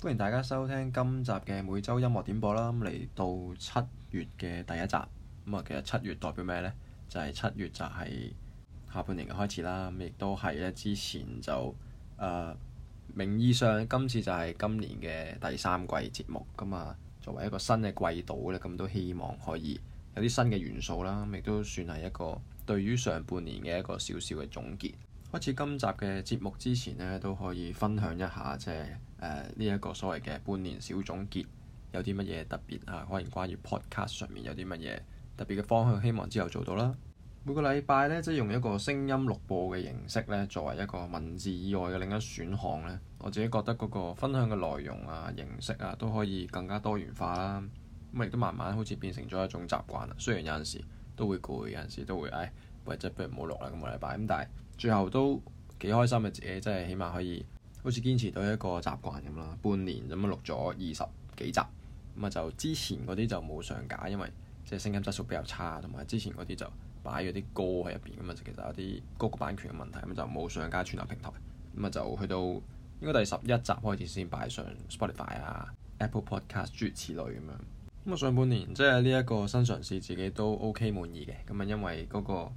歡迎大家收聽今集嘅每周音樂點播啦。咁嚟到七月嘅第一集，咁啊，其實七月代表咩呢？就係、是、七月就係下半年嘅開始啦。亦都係咧，之前就誒、呃、名義上今次就係今年嘅第三季節目咁嘛。作為一個新嘅季度咧，咁都希望可以有啲新嘅元素啦。亦都算係一個對於上半年嘅一個少少嘅總結。開始今集嘅節目之前呢，都可以分享一下即係。誒呢一個所謂嘅半年小總結有啲乜嘢特別啊？可能關於 podcast 上面有啲乜嘢特別嘅方向，希望之後做到啦。每個禮拜呢，即係用一個聲音錄播嘅形式呢，作為一個文字以外嘅另一選項呢，我自己覺得嗰個分享嘅內容啊、形式啊，都可以更加多元化啦。咁亦都慢慢好似變成咗一種習慣啦。雖然有陣時都會攰，有陣時都會唉，或者不如冇錄啦。咁個禮拜咁，但係最後都幾開心嘅自己，即係起碼可以。好似堅持到一個習慣咁啦，半年咁啊錄咗二十幾集，咁啊就之前嗰啲就冇上架，因為即係聲音質素比較差，同埋之前嗰啲就擺咗啲歌喺入邊，咁啊其實有啲歌曲版權嘅問題，咁就冇上架串流平台，咁啊、嗯、就去到應該第十一集開始先擺上 Spotify 啊、Apple Podcast 諸如此類咁樣。咁啊上半年即係呢一個新嘗試，自己都 OK 滿意嘅，咁啊因為嗰個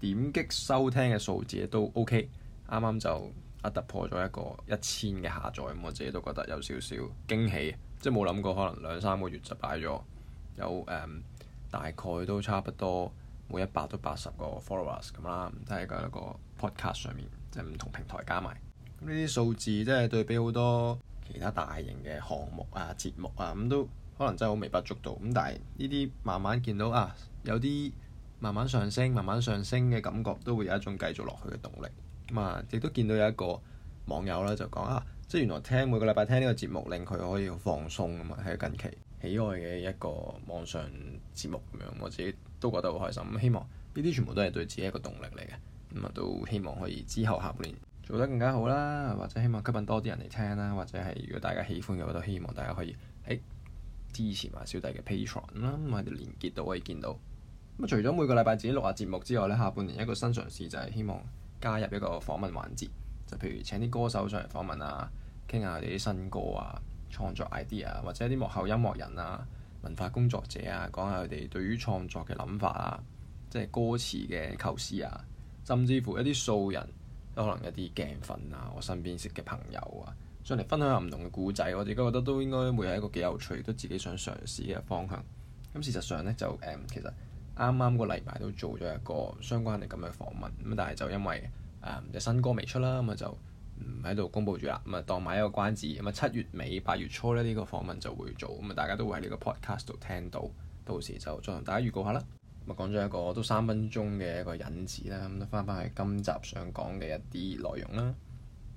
點擊收聽嘅數字都 OK，啱啱就，突破咗一個一千嘅下載咁，我自己都覺得有少少驚喜，即係冇諗過可能兩三個月就擺咗有誒、嗯，大概都差不多每一百都八十個 followers 咁啦，都係個一個 podcast 上面，即係唔同平台加埋呢啲數字，即係對比好多其他大型嘅項目啊、節目啊，咁都可能真係好微不足道咁。但係呢啲慢慢見到啊，有啲慢慢上升、慢慢上升嘅感覺，都會有一種繼續落去嘅動力。咁啊，亦、嗯、都見到有一個網友咧，就講啊，即係原來聽每個禮拜聽呢個節目，令佢可以放鬆啊。喺近期喜愛嘅一個網上節目咁樣，我自己都覺得好開心。希望呢啲全部都係對自己一個動力嚟嘅。咁、嗯、啊，都希望可以之後下半年做得更加好啦，或者希望吸引多啲人嚟聽啦，或者係如果大家喜歡嘅話，都希望大家可以誒支持埋小弟嘅 Patreon 啦。咁喺連結度可以見到咁、嗯、除咗每個禮拜自己錄下節目之外咧，下半年一個新嘗試就係希望，加入一個訪問環節，就譬如請啲歌手上嚟訪問啊，傾下佢哋啲新歌啊、創作 idea，或者啲幕後音樂人啊、文化工作者啊，講下佢哋對於創作嘅諗法啊，即係歌詞嘅構思啊，甚至乎一啲素人，可能一啲鏡粉啊，我身邊識嘅朋友啊，上嚟分享下唔同嘅故仔。我哋都覺得都應該會係一個幾有趣，都自己想嘗試嘅方向。咁事實上呢，就誒其實。啱啱個禮拜都做咗一個相關嚟咁嘅訪問，咁但係就因為誒、嗯、新歌未出啦，咁啊就唔喺度公布住啦，咁啊當埋一個關子，咁啊七月尾八月初咧呢、呢個訪問就會做，咁啊大家都會喺呢個 podcast 度聽到，到時就再同大家預告下啦。咁啊講咗一個都三分鐘嘅一個引子啦，咁都翻返去今集想講嘅一啲內容啦。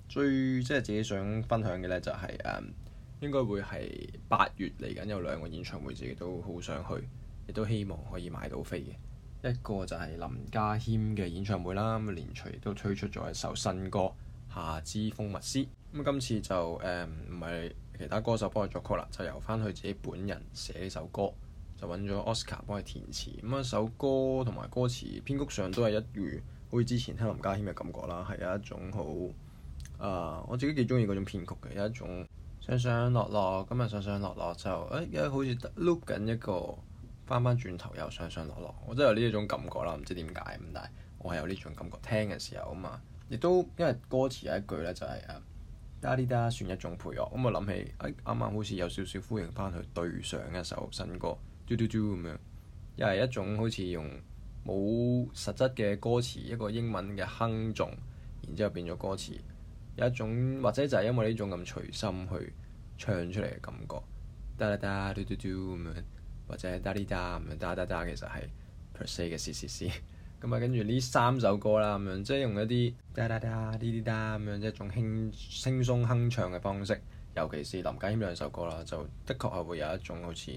最即係自己想分享嘅咧就係、係、誒、嗯、應該會係八月嚟緊有兩個演唱會，自己都好想去。亦都希望可以買到飛嘅一個就係林家謙嘅演唱會啦。連隨都推出咗一首新歌《夏之風物詩》。咁、嗯、今次就誒唔係其他歌手幫佢作曲啦，就由返佢自己本人寫呢首歌，就揾咗 Oscar 幫佢填詞。咁、嗯、啊，首歌同埋歌詞編曲上都係一如好似之前聽林家謙嘅感覺啦，係有一種好啊、呃，我自己幾中意嗰種編曲嘅有一種上上落落，今日上上落落就誒、欸，好似得碌緊一個。翻翻轉頭又上上落落，我真係有呢一種感覺啦，唔知點解咁，但係我係有呢種感覺。聽嘅時候啊嘛，亦都因為歌詞有一句咧就係、是、啊，嗒、uh, 啲算一種配樂，咁、嗯、我諗起誒啱啱好似有少少呼應翻去對上一首新歌嘟嘟嘟咁樣，又係一種好似用冇實質嘅歌詞，一個英文嘅哼誦，然之後變咗歌詞，有一種或者就係因為呢種咁隨心去唱出嚟嘅感覺，嗒嗒嗒嘟嘟嘟咁樣。或者嗒嘀嗒咁樣嗒嗒嗒，其實係 per se 嘅 C C C。咁啊，跟住呢三首歌啦，咁樣即係用一啲嗒嗒嗒、嘀嘀嗒咁樣一種輕輕鬆哼唱嘅方式。尤其是林家謙兩首歌啦，就的確係會有一種好似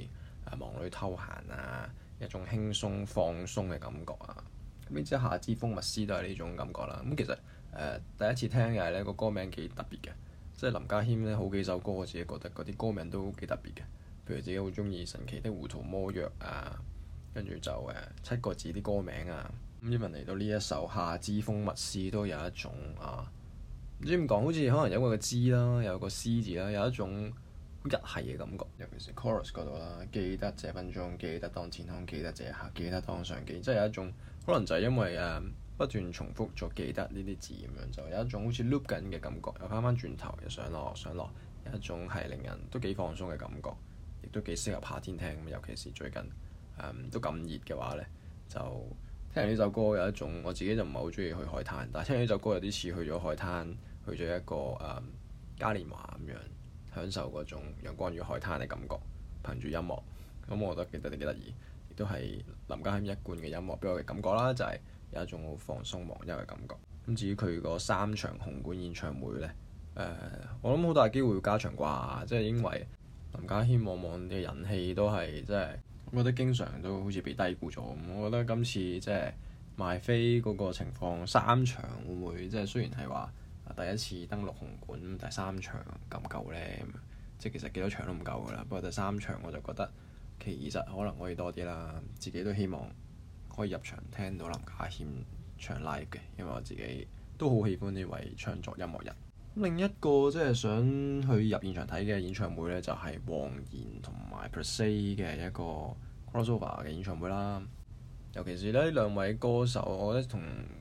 啊忙裡偷閒啊，一種輕鬆放鬆嘅感覺啊。咁呢之後，夏之風物詩都係呢種感覺啦。咁其實誒、呃、第一次聽又係呢個歌名幾特別嘅。即、就、係、是、林家謙呢好幾首歌我自己覺得嗰啲歌名都幾特別嘅。自己好中意《神奇的胡桃魔藥》啊，跟住就誒七個字啲歌名啊。咁 even 嚟到呢一首《夏之蜂蜜詩》，都有一種啊，唔知點講，好似可能有個嘅之啦，有個詩字啦，有一種日系嘅感覺。尤其是 chorus 嗰度啦，記得這分鐘，記得當天空，記得這刻，記得當上鏡，即係有一種可能就係因為誒、啊、不斷重複咗「記得」呢啲字咁樣，就有一種好似 loop 緊嘅感覺，又翻翻轉頭又上落上落，有一種係令人都幾放鬆嘅感覺。亦都幾適合夏天聽，尤其是最近、嗯、都咁熱嘅話呢，就聽完呢首歌有一種我自己就唔係好中意去海灘，但係聽完呢首歌有啲似去咗海灘，去咗一個、嗯、嘉年華咁樣，享受嗰種陽光與海灘嘅感覺，憑住音樂，咁我記得都覺得幾得意，亦都係林家謙一貫嘅音樂俾我嘅感覺啦，就係、是、有一種好放鬆忘憂嘅感覺。咁至於佢個三場紅館演唱會呢，呃、我諗好大機會要加場啩，即係、就是、因為。林家謙往往嘅人氣都係，即係我覺得經常都好似被低估咗。咁我覺得今次即係賣飛嗰個情況，三場會唔會即係雖然係話第一次登陸紅館，但係三場咁夠咧？即係其實幾多場都唔夠噶啦。不過第三場我就覺得其實可能可以多啲啦。自己都希望可以入場聽到林家謙唱 live 嘅，因為我自己都好喜歡呢位唱作音樂人。另一個即係想去入現場睇嘅演唱會咧，就係、是、黃妍同埋 per se 嘅一個 Crossover 嘅演唱會啦。尤其是呢兩位歌手，我覺得同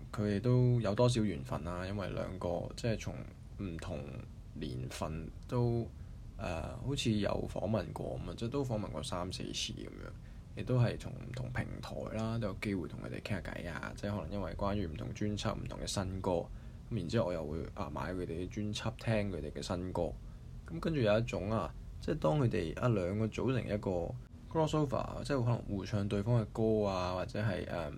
佢哋都有多少緣分啊！因為兩個即係從唔同年份都誒、呃，好似有訪問過咁啊，即係都訪問過三四次咁樣，亦都係從唔同平台啦，都有機會同佢哋傾下偈啊！即係可能因為關於唔同專輯、唔同嘅新歌。咁然之後，我又會啊買佢哋啲專輯，聽佢哋嘅新歌。咁跟住有一種啊，即係當佢哋啊兩個組成一個 crossover，即係可能互唱對方嘅歌啊，或者係誒、um,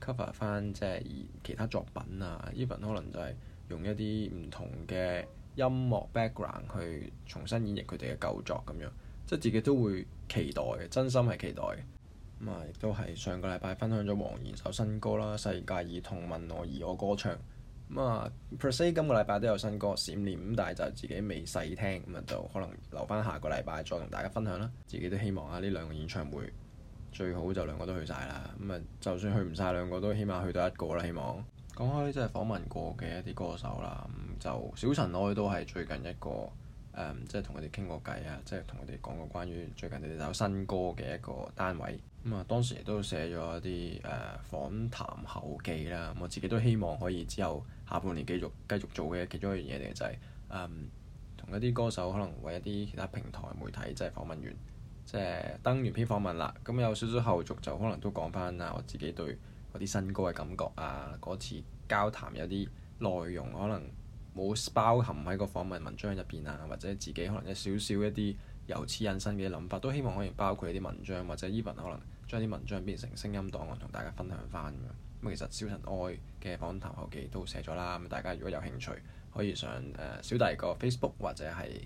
cover 翻即係其他作品啊。even 可能就係用一啲唔同嘅音樂 background 去重新演繹佢哋嘅舊作咁樣，即係自己都會期待嘅，真心係期待嘅。咁、嗯、啊，亦都係上個禮拜分享咗黃妍首新歌啦，《世界以痛問我而我歌唱》。咁啊 per se 今個禮拜都有新歌《閃念》，咁但係就自己未細聽，咁啊就可能留翻下個禮拜再同大家分享啦。自己都希望啊，呢兩個演唱會最好就兩個都去晒啦。咁啊，就算去唔晒兩個，都起碼去到一個啦。希望講開即係訪問過嘅一啲歌手啦，咁、嗯、就小塵埃都係最近一個即係同佢哋傾過偈啊，即係同佢哋講過關於最近呢首新歌嘅一個單位。咁、嗯、啊，當時都寫咗一啲誒、呃、訪談後記啦、嗯。我自己都希望可以之後。下半年繼續繼續做嘅其中一樣嘢，就是，嚟就係同一啲歌手，可能為一啲其他平台媒體，即係訪問完，即係登完篇訪問啦。咁有少少後續，就可能都講翻啊，我自己對嗰啲新歌嘅感覺啊，嗰次交談有啲內容，可能冇包含喺個訪問文章入邊啊，或者自己可能有少少一啲由此引申嘅諗法，都希望可以包括一啲文章，或者 even 可能將啲文章變成聲音檔案，同大家分享翻。咁其實小塵埃嘅訪談後記都寫咗啦。咁大家如果有興趣，可以上誒小弟個 Facebook 或者係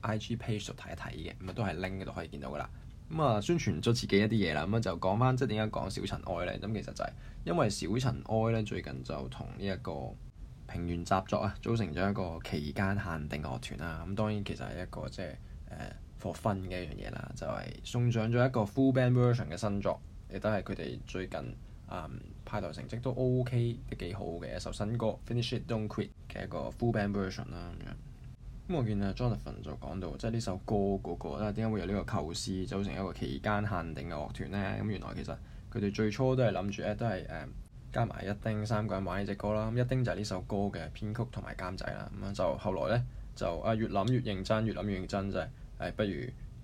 I G page 度睇一睇嘅。咁啊都係 link 嘅都可以見到噶啦。咁、嗯、啊宣傳咗自己一啲嘢啦。咁、嗯、就講翻即係點解講小塵埃咧？咁、嗯、其實就係因為小塵埃咧最近就同呢一個平原習作啊組成咗一個期間限定樂團啦。咁、嗯、當然其實係一個即係誒 for fun 嘅一樣嘢啦，就係、是、送上咗一個 full band version 嘅新作，亦都係佢哋最近。Um, 派台成績都 O K，都幾好嘅一首新歌《Finish It Don't Quit》嘅一個 Full Band Version 啦咁樣。咁我見啊，Jonathan 就講到，即係呢首歌嗰、那個，即係點解會有呢個構思，組成一個期間限定嘅樂團呢？咁原來其實佢哋最初都係諗住咧，都係誒、嗯、加埋一丁三個人玩呢隻歌啦。咁一丁就係呢首歌嘅編曲同埋監製啦。咁啊就後來呢，就啊越諗越認真，越諗越認真就係、是哎、不如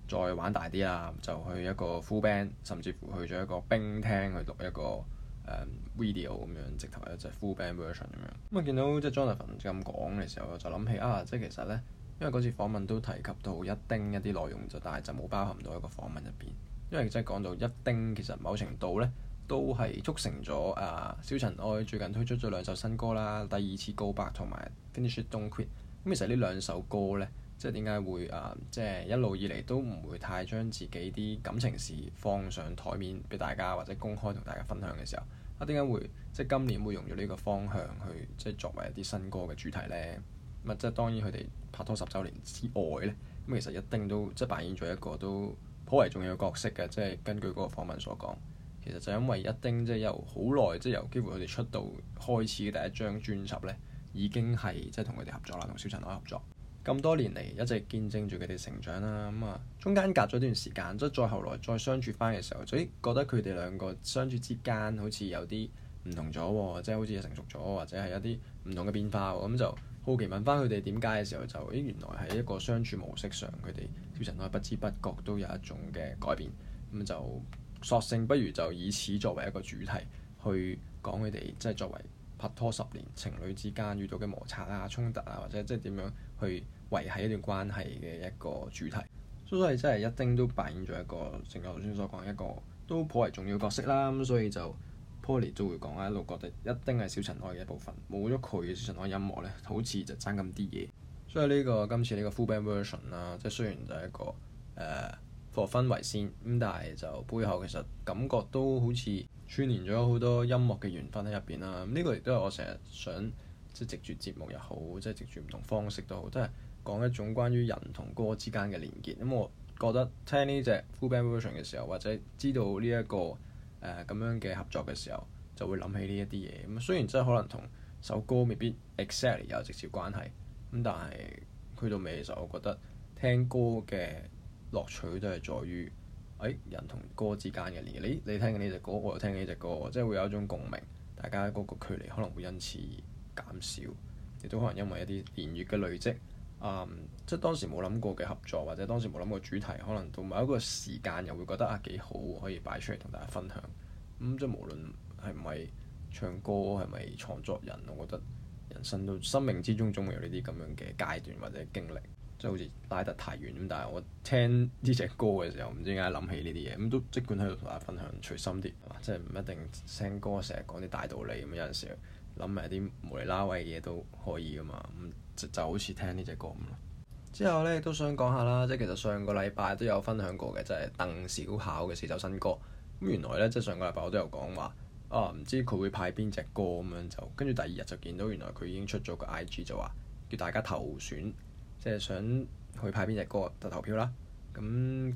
再玩大啲啦，就去一個 Full Band，甚至乎去咗一個冰廳去錄一個。誒、um, video 咁樣，直頭係一隻 full band version 咁樣。咁、嗯、啊，見到即係 Jonathan 咁講嘅時候，我就諗起啊，即係其實咧，因為嗰次訪問都提及到一丁一啲內容就，但係就冇包含到一個訪問入邊。因為即係講到一丁，其實某程度咧都係促成咗啊，小塵埃最近推出咗兩首新歌啦，《第二次告白、嗯》同埋《Finish It Don't Quit》。咁其實呢兩首歌咧。即係點解會誒，即係一路以嚟都唔會太將自己啲感情事放上台面畀大家，或者公開同大家分享嘅時候，啊點解會即係今年會用咗呢個方向去即係作為一啲新歌嘅主題咧？咁啊，即係當然佢哋拍拖十週年之外咧，咁其實一丁都即係扮演咗一個都頗為重要嘅角色嘅，即係根據嗰個訪問所講，其實就因為一丁即係由好耐，即係由幾乎佢哋出道開始嘅第一張專輯咧，已經係即係同佢哋合作啦，同小塵埃合作，咁多年嚟一直見證住佢哋成長啦，咁、嗯、啊中間隔咗段時間，即再後來再相處返嘅時候，就咦覺得佢哋兩個相處之間好似有啲唔同咗喎，即係好似成熟咗，或者係一啲唔同嘅變化喎，咁、嗯、就好奇問返佢哋點解嘅時候，就咦原來係一個相處模式上，佢哋小塵埃都係不知不覺都有一種嘅改變，咁、嗯、就索性不如就以此作為一個主題去講佢哋即係作為拍拖十年情侶之間遇到嘅摩擦啊、衝突啊，或者即係點樣去。維係一段關係嘅一個主題，所以真係一丁都扮演咗一個，正如頭先所講，一個都頗為重要角色啦。咁所以就 Poly 都會講、啊、一路覺得一丁係小塵埃嘅一部分，冇咗佢嘅小塵埃音樂呢，好似就爭咁啲嘢。所以呢個今次呢個 Full Band Version 啦，即係雖然就係一個誒 for fun 為先咁，但係就背後其實感覺都好似串連咗好多音樂嘅緣分喺入邊啦。呢個亦都係我成日想即係藉住節目又好，即係藉住唔同方式都好，即係。講一種關於人同歌之間嘅連結。咁、嗯、我覺得聽呢隻 Full Band Version 嘅時候，或者知道呢、這、一個誒咁、呃、樣嘅合作嘅時候，就會諗起呢一啲嘢。咁、嗯、雖然真係可能同首歌未必 exactly 有直接關係，咁、嗯、但係去到尾其實我覺得聽歌嘅樂趣都係在於誒、欸、人同歌之間嘅連。你你聽緊呢隻歌，我又聽緊呢隻歌，即係會有一種共鳴，大家嗰個距離可能會因此而減少。亦都可能因為一啲年月嘅累積。嗯，um, 即係當時冇諗過嘅合作，或者當時冇諗過主題，可能到某一個時間又會覺得，啊幾好，可以擺出嚟同大家分享。咁、嗯、即係無論係唔係唱歌，係咪創作人，我覺得人生都生命之中總會有呢啲咁樣嘅階段或者經歷。即係好似拉得太遠咁，但係我聽呢隻歌嘅時候，唔知點解諗起呢啲嘢，咁都即管喺度同大家分享隨心啲、啊，即係唔一定聽歌成日講啲大道理咁、嗯，有陣時，諗埋啲無厘拉位嘅嘢都可以噶嘛，咁就好似聽呢隻歌咁咯。之後咧，都想講下啦，即係其實上個禮拜都有分享過嘅，就係鄧小巧嘅四首新歌。咁原來咧，即係上個禮拜我都有講話啊，唔知佢會派邊隻歌咁樣，就跟住第二日就見到原來佢已經出咗個 I G 就話叫大家投選，即係想去派邊隻歌就投票啦。咁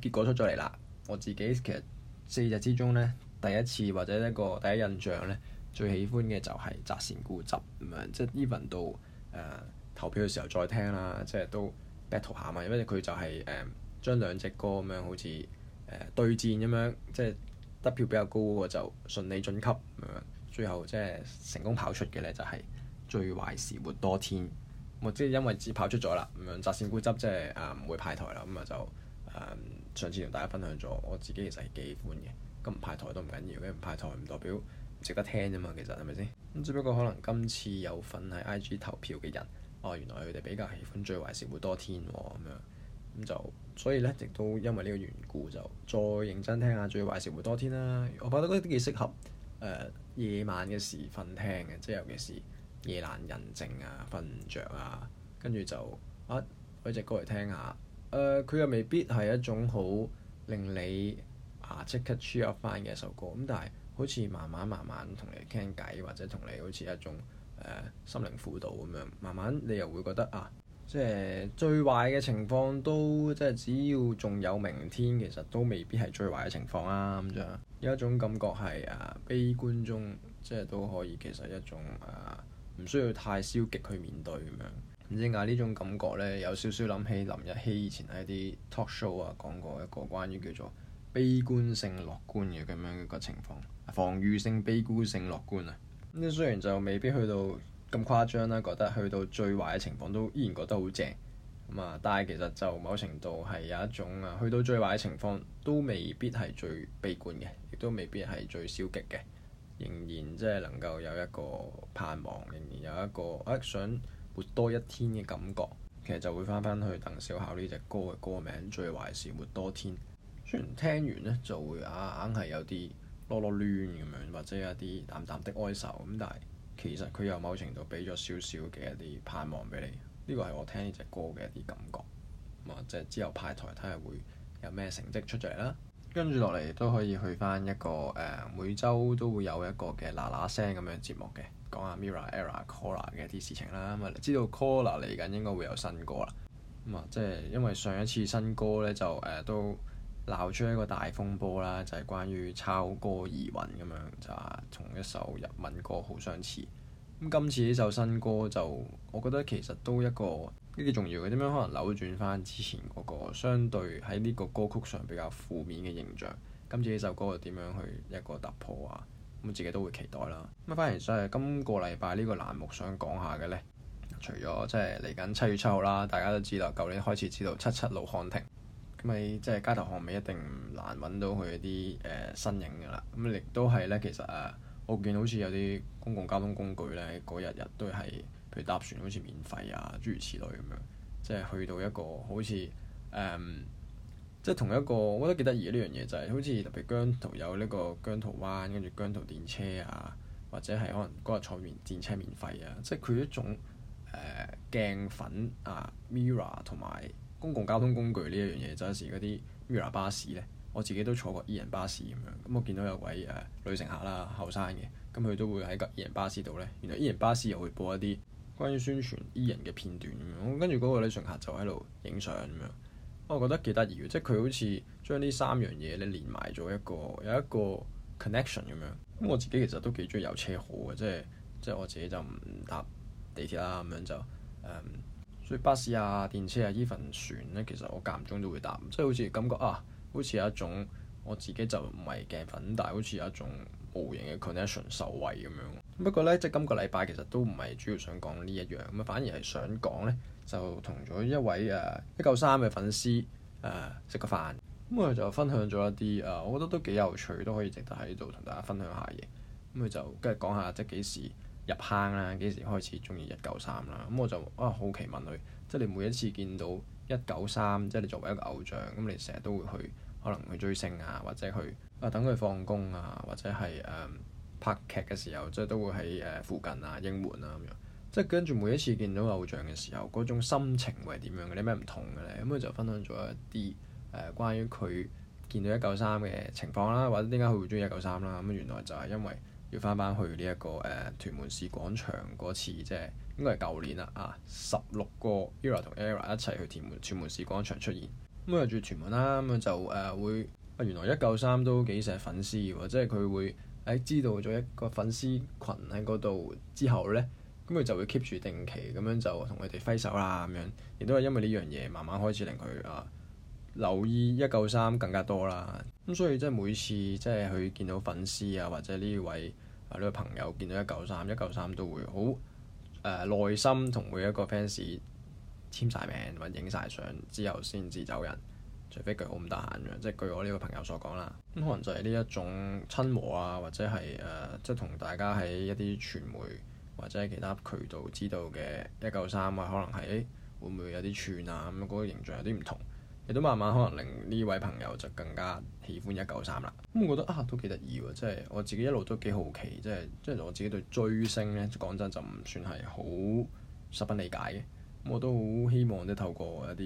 結果出咗嚟啦，我自己其實四隻之中咧，第一次或者一個第一印象咧。最喜歡嘅就係《擇善固執》咁樣，即係 even 到誒投票嘅時候再聽啦，即係都 battle 下嘛。因為佢就係、是、誒、嗯、將兩隻歌咁樣好似誒、呃、對戰咁樣，即係得票比較高嘅就順利晉級咁樣。最後即係成功跑出嘅咧就係、是《最壞時活多天》嗯。我即係因為只跑出咗啦，咁、嗯、樣《擇善固執、就是》即係誒唔會派台啦。咁啊就誒、呃、上次同大家分享咗我自己其實係幾歡嘅，咁唔派台都唔緊要，因為唔派台唔代表。值得聽啫嘛，其實係咪先咁？只不過可能今次有份喺 I G 投票嘅人，哦，原來佢哋比較喜歡最壞時活多天喎、哦，咁樣咁就所以咧，亦都因為呢個緣故，就再認真聽下最壞時活多天啦。我覺得嗰啲都幾適合、呃、夜晚嘅時分聽嘅，即係尤其是夜闌人靜啊，瞓唔着啊，跟住就啊揾隻歌嚟聽下。佢、呃、又未必係一種好令你啊即刻 cheer up 翻嘅一首歌，咁但係。好似慢慢慢慢同你傾偈，或者同你好似一種、呃、心靈輔導咁樣，慢慢你又會覺得啊，即係最壞嘅情況都即係只要仲有明天，其實都未必係最壞嘅情況啊。咁樣。有一種感覺係啊，悲觀中即係都可以其實一種啊，唔需要太消極去面對咁樣。唔知點解呢種感覺呢，有少少諗起林日曦以前喺啲 talk show 啊講過一個關於叫做～悲觀性樂觀嘅咁樣一個情況，防禦性悲觀性樂觀啊。咁呢雖然就未必去到咁誇張啦，覺得去到最壞嘅情況都依然覺得好正咁啊，但係其實就某程度係有一種啊，去到最壞嘅情況都未必係最悲觀嘅，亦都未必係最消極嘅，仍然即係能夠有一個盼望，仍然有一個啊想活多一天嘅感覺。其實就會翻返去鄧小巧呢隻歌嘅歌名《最壞是活多天》。雖然聽完咧就會啊，硬係有啲囉囉攣咁樣，或者一啲淡淡的哀愁咁，但係其實佢又某程度俾咗少少嘅一啲盼望俾你。呢個係我聽呢隻歌嘅一啲感覺。咁、嗯、啊，即、就、係、是、之後派台睇下會有咩成績出咗嚟啦。跟住落嚟都可以去翻一個誒、呃，每周都會有一個嘅嗱嗱聲咁樣節目嘅，講下 Mirror era Collar 嘅一啲事情啦。咁、嗯、啊，知道 Collar 嚟緊應該會有新歌啦。咁、嗯、啊，即、就、係、是、因為上一次新歌咧就誒、呃、都。鬧出一個大風波啦，就係、是、關於抄歌疑雲咁樣，就係、是、同一首日文歌好相似。咁今次呢首新歌就，我覺得其實都一個呢啲重要嘅點樣，可能扭轉翻之前嗰、那個相對喺呢個歌曲上比較負面嘅形象。今次呢首歌又點樣去一個突破啊？咁自己都會期待啦。咁啊，反而即係今個禮拜呢個欄目想講下嘅呢。除咗即係嚟緊七月七號啦，大家都知道，舊年開始知道七七盧漢庭。咁你即係、就是、街頭巷尾一定難揾到佢啲誒身影㗎啦。咁、嗯、亦都係咧，其實誒，我見好似有啲公共交通工具咧，嗰日日都係，譬如搭船好似免費啊，諸如此類咁樣。即係去到一個好似誒、嗯，即係同一個，我覺得幾得意嘅呢樣嘢就係、是，好似特別姜濤有呢個姜濤灣，跟住姜濤電車啊，或者係可能嗰日坐免電車免費啊。即係佢一種誒、呃、鏡粉啊，mirror 同埋。公共交通工具呢一樣嘢，就有、是、時嗰啲 Mirror 巴士呢？我自己都坐過 Ian 巴士咁樣。咁我見到有位誒、呃、女乘客啦，後生嘅，咁佢都會喺個 Ian 巴士度呢。原來 Ian 巴士又會播一啲關於宣傳 Ian 嘅片段咁樣。跟住嗰個女乘客就喺度影相咁樣，我覺得幾得意嘅，即係佢好似將呢三樣嘢咧連埋咗一個有一個 connection 咁樣。咁我自己其實都幾中意有車好嘅，即係即係我自己就唔搭地鐵啦咁樣就誒。嗯。所以巴士啊、電車啊依份船咧，其實我間唔中都會搭，即係好似感覺啊，好似有一種我自己就唔係鏡粉，但係好似有一種無形嘅 connection 受惠咁樣。不過咧，即係今個禮拜其實都唔係主要想講呢一樣，咁啊反而係想講咧，就同咗一位誒193嘅粉絲誒食個飯，咁我就分享咗一啲啊，我覺得都幾有趣，都可以值得喺度同大家分享下嘢。咁佢就跟住講下即係幾時入坑啦，幾時開始中意一九三啦？咁我就啊好奇問佢，即係你每一次見到一九三，即係你作為一個偶像，咁你成日都會去可能去追星啊，或者去啊等佢放工啊，或者係誒、嗯、拍劇嘅時候，即係都會喺誒、呃、附近啊英門啊咁樣。即係跟住每一次見到偶像嘅時候，嗰種心情會係點樣嘅？啲咩唔同嘅咧？咁佢就分享咗一啲誒、呃、關於佢見到一九三嘅情況啦、啊，或者點解佢會中意一九三啦？咁原來就係因為，要翻翻去呢、這、一個誒、啊、屯門市廣場嗰次，即係應該係舊年啦啊，十六個 Era 同 Era 一齊去屯門屯門市廣場出現咁，啊，嗯、住屯門啦咁，啊就誒會啊原來一九三都幾錫粉絲喎，即係佢會誒、啊、知道咗一個粉絲群喺嗰度之後咧，咁、嗯、佢就會 keep 住定期咁樣就同佢哋揮手啦咁樣，亦都係因為呢樣嘢慢慢開始令佢啊，留意一九三更加多啦，咁所以即係每次即係佢見到粉絲啊，或者呢位啊呢、呃呢個朋友見到一九三，一九三都會好誒、呃、耐心同每一個 fans 簽晒名或者影晒相之後先至走人，除非佢好唔得閒嘅。即係據我呢個朋友所講啦，咁可能就係呢一種親和啊，或者係誒、呃、即係同大家喺一啲傳媒或者係其他渠道知道嘅一九三啊，可能係會唔會有啲串啊咁嗰個形象有啲唔同。亦都慢慢可能令呢位朋友就更加喜歡一九三啦。咁我覺得啊，都幾得意喎！即係我自己一路都幾好奇，即係即係我自己對追星咧，講真就唔算係好十分理解嘅。我都好希望即透過一啲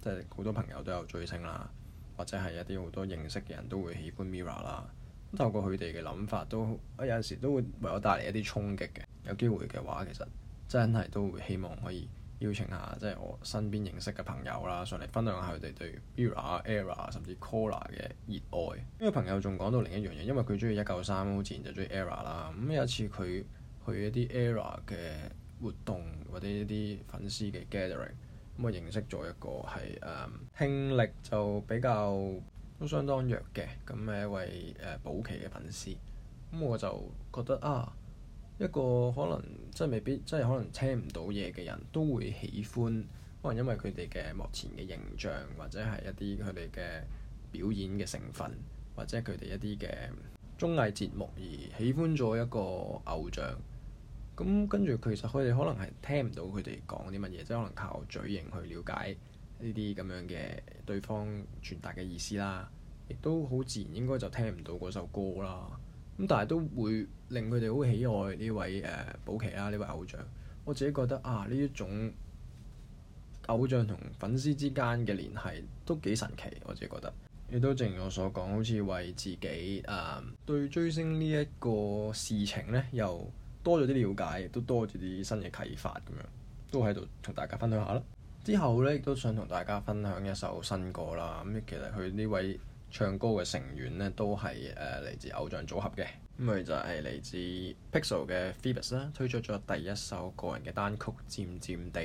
即係好多朋友都有追星啦，或者係一啲好多認識嘅人都會喜歡 Mirror 啦。咁透過佢哋嘅諗法都，有陣時都會為我帶嚟一啲衝擊嘅。有機會嘅話，其實真係都會希望可以。邀請下即係我身邊認識嘅朋友啦，上嚟分享下佢哋對 Bira、Era 甚至 Collar 嘅熱愛。呢、這個朋友仲講到另一樣嘢，因為佢中意一九三，好自然就中意 Era 啦。咁有一次佢去一啲 Era 嘅活動或者一啲粉絲嘅 gathering，咁、嗯、我認識咗一個係誒、嗯、聽力就比較都相當弱嘅，咁嘅一位誒、呃、保錡嘅粉絲。咁、嗯、我就覺得啊～一個可能即係未必，即係可能聽唔到嘢嘅人都會喜歡，可能因為佢哋嘅幕前嘅形象，或者係一啲佢哋嘅表演嘅成分，或者佢哋一啲嘅綜藝節目而喜歡咗一個偶像。咁跟住其實佢哋可能係聽唔到佢哋講啲乜嘢，即係可能靠嘴型去了解呢啲咁樣嘅對方傳達嘅意思啦，亦都好自然應該就聽唔到嗰首歌啦。咁但係都會令佢哋好喜愛呢位誒、呃、保奇啦，呢位偶像。我自己覺得啊，呢一種偶像同粉絲之間嘅聯繫都幾神奇，我自己覺得。亦都正如我所講，好似為自己誒、呃、對追星呢一個事情咧，又多咗啲了解，亦都多咗啲新嘅啟發咁樣，都喺度同大家分享下啦。之後呢，亦都想同大家分享一首新歌啦。咁、嗯、其實佢呢位。唱歌嘅成員咧都係誒嚟自偶像組合嘅，咁佢就係嚟自 Pixel 嘅 Phoebus 啦，推出咗第一首個人嘅單曲《漸漸地》。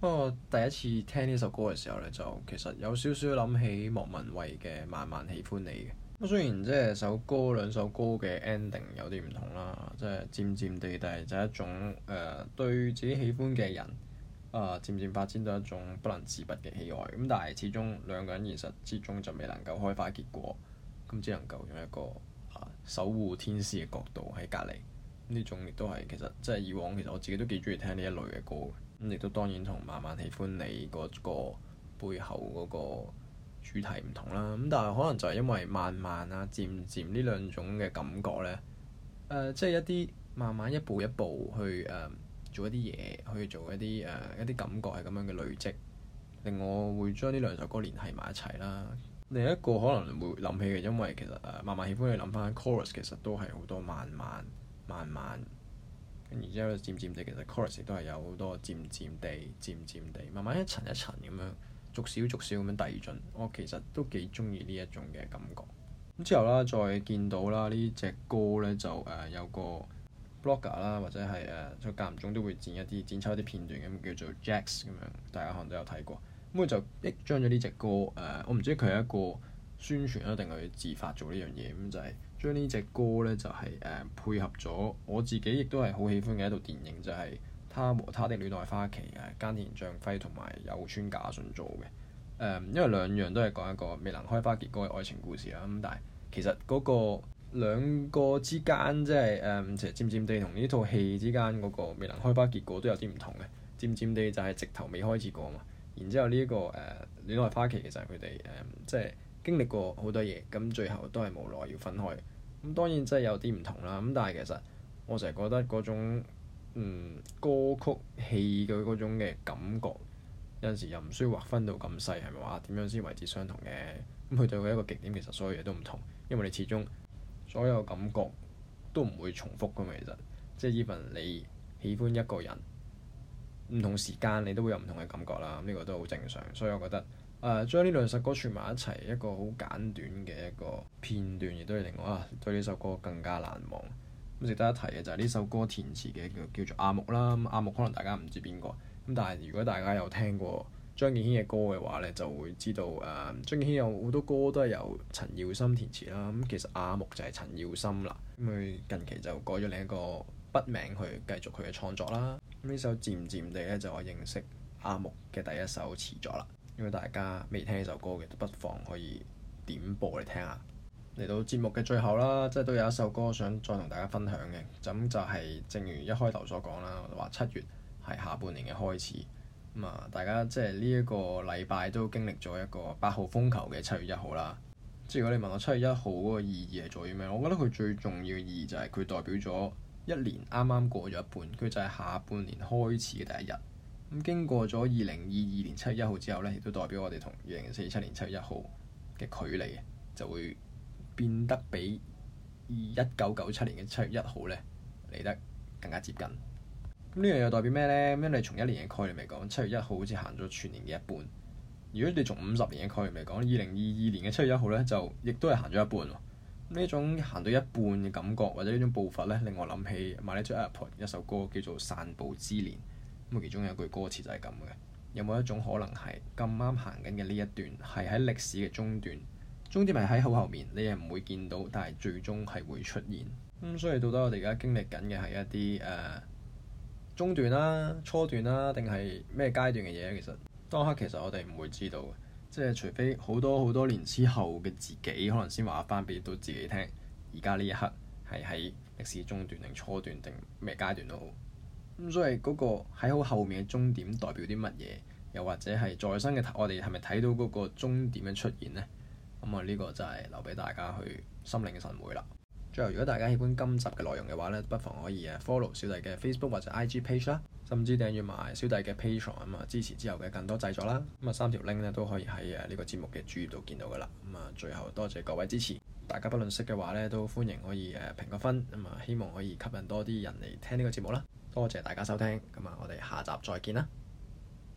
不過第一次聽呢首歌嘅時候呢，就其實有少少諗起莫文蔚嘅《慢慢喜歡你》嘅。咁雖然即係首歌，兩首歌嘅 ending 有啲唔同啦，即係《漸漸地》，但係就係一種誒、呃、對自己喜歡嘅人。啊、呃，漸漸發展到一種不能自拔嘅喜愛，咁但係始終兩個人現實之中就未能夠開花結果，咁只能夠用一個、呃、守護天使嘅角度喺隔籬，呢種亦都係其實即係以往其實我自己都幾中意聽呢一類嘅歌，咁亦都當然同慢慢喜歡你嗰個背後嗰個主題唔同啦，咁但係可能就係因為慢慢啊、漸漸呢兩種嘅感覺呢，即、呃、係、就是、一啲慢慢一步一步去、呃做一啲嘢，去做一啲誒、呃、一啲感覺係咁樣嘅累積，令我會將呢兩首歌聯繫埋一齊啦。另一個可能會諗起嘅，因為其實誒、呃、慢慢喜歡去諗翻 chorus，其實都係好多慢慢慢慢，然之後漸漸地其實 chorus 都係有好多漸漸地漸漸地慢慢一層一層咁樣逐少逐少咁樣遞進。我其實都幾中意呢一種嘅感覺。咁之後啦，再見到啦呢隻歌呢就誒、呃、有個。blogger 啦，或者係誒，佢間唔中都會剪一啲剪輯一啲片段咁，叫做 Jacks 咁樣，大家可能都有睇過。咁佢就一將咗呢隻歌誒、呃，我唔知佢係一個宣傳啦，定係自發做呢樣嘢。咁就係將呢隻歌咧，就係、是、誒、呃、配合咗我自己，亦都係好喜歡嘅一套電影，就係、是《他和他的戀愛花期》啊，菅田將暉同埋有村架純做嘅。誒、呃，因為兩樣都係講一個未能開花結果嘅愛情故事啊。咁但係其實嗰、那個兩個之間即係誒、嗯，其實漸漸地同呢套戲之間嗰個未能開花結果都有啲唔同嘅。漸漸地就係直頭未開始過嘛。然之後呢、這、一個誒、呃、戀愛花期其實佢哋誒即係經歷過好多嘢，咁最後都係無奈要分開。咁當然即係有啲唔同啦。咁但係其實我成日覺得嗰種嗯歌曲戲嘅嗰種嘅感覺有陣時又唔需要劃分到咁細，係咪話點樣先為之相同嘅？咁去到佢一個極點，其實所有嘢都唔同，因為你始終。所有感覺都唔會重複噶嘛，其實即係，even 你喜歡一個人唔同時間，你都會有唔同嘅感覺啦。呢個都好正常，所以我覺得誒、呃、將呢兩首歌串埋一齊，一個好簡短嘅一個片段，亦都令我啊對呢首歌更加難忘。咁值得一提嘅就係呢首歌填詞嘅叫叫做阿木啦。阿木，阿木可能大家唔知邊個咁，但係如果大家有聽過張敬軒嘅歌嘅話咧，就會知道誒、嗯、張敬軒有好多歌都係由陳耀森填詞啦。咁、嗯、其實阿木就係陳耀森啦，咁、嗯、佢近期就改咗另一個筆名去繼續佢嘅創作啦。呢、嗯、首漸漸地呢，就我認識阿木嘅第一首詞作啦。因為大家未聽呢首歌嘅，都不妨可以點播嚟聽下。嚟到節目嘅最後啦，即係都有一首歌想再同大家分享嘅。咁就係、是、正如一開頭所講啦，我就話七月係下半年嘅開始。咁啊、嗯，大家即係呢一個禮拜都經歷咗一個八號風球嘅七月一號啦。即係如果你問我七月一號嗰個意義係在於咩，我覺得佢最重要嘅意義就係佢代表咗一年啱啱過咗一半，佢就係下半年開始嘅第一日。咁、嗯、經過咗二零二二年七月一號之後咧，亦都代表我哋同二零四七年七月一號嘅距離就會變得比一九九七年嘅七月一號咧嚟得更加接近。呢樣又代表咩呢？咁因為從一年嘅概念嚟講，七月一號好似行咗全年嘅一半。如果你從五十年嘅概念嚟講，二零二二年嘅七月一號呢，就亦都係行咗一半。呢種行到一半嘅感覺，或者呢種步伐呢，令我諗起 My Little Airport 一首歌叫做《散步之年》。咁其中有一句歌詞就係咁嘅。有冇一種可能係咁啱行緊嘅呢一段係喺歷史嘅中段，終點咪喺好後面，你係唔會見到，但係最終係會出現。咁、嗯、所以到底我哋而家經歷緊嘅係一啲誒？Uh, 中段啦、啊、初段啦、啊，定係咩階段嘅嘢？其實當刻其實我哋唔會知道，即係除非好多好多年之後嘅自己，可能先話翻俾到自己聽，而家呢一刻係喺歷史中段定初段定咩階段都好，咁所以嗰個喺好後面嘅終點代表啲乜嘢，又或者係再生嘅我哋係咪睇到嗰個終點嘅出現呢？咁啊呢個就係留俾大家去心領神會啦。最後，如果大家喜歡今集嘅內容嘅話咧，不妨可以啊 follow 小弟嘅 Facebook 或者 IG page 啦，甚至訂閱埋小弟嘅 Patreon 啊支持之後嘅更多製作啦。咁啊三條 link 咧都可以喺誒呢個節目嘅主頁度見到噶啦。咁啊最後多謝各位支持，大家不論識嘅話咧，都歡迎可以誒評個分咁啊，希望可以吸引多啲人嚟聽呢個節目啦。多謝大家收聽，咁啊我哋下集再見啦。